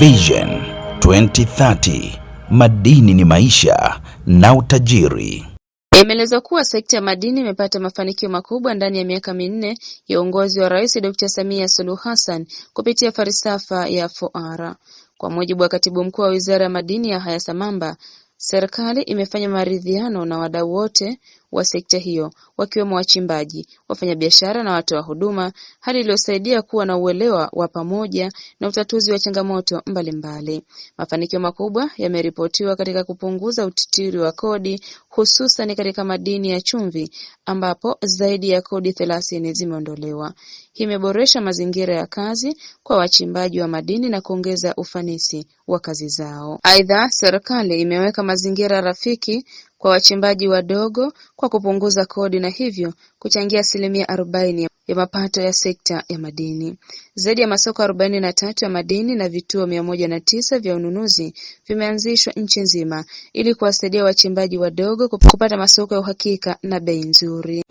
Vision 2030 madini ni maisha na utajiri. Imeelezwa kuwa sekta ya madini imepata mafanikio makubwa ndani ya miaka minne ya uongozi wa Rais Dr. Samia Suluhu Hassan kupitia falsafa ya 4R. Kwa mujibu wa Katibu Mkuu wa Wizara ya Madini Yahaya Samamba, serikali imefanya maridhiano na wadau wote wa sekta hiyo wakiwemo wachimbaji wafanyabiashara na watoa huduma hali iliyosaidia kuwa na uelewa wa pamoja na utatuzi wa changamoto mbalimbali. Mafanikio makubwa yameripotiwa katika kupunguza utitiri wa kodi hususan katika madini ya chumvi ambapo zaidi ya kodi thelathini zimeondolewa. Hii imeboresha mazingira ya kazi kwa wachimbaji wa madini na kuongeza ufanisi wa kazi zao. Aidha, serikali imeweka mazingira rafiki kwa wachimbaji wadogo kwa kupunguza kodi na hivyo kuchangia asilimia arobaini ya mapato ya sekta ya madini. Zaidi ya masoko arobaini na tatu ya madini na vituo mia moja na tisa vya ununuzi vimeanzishwa nchi nzima ili kuwasaidia wachimbaji wadogo kupata masoko ya uhakika na bei nzuri.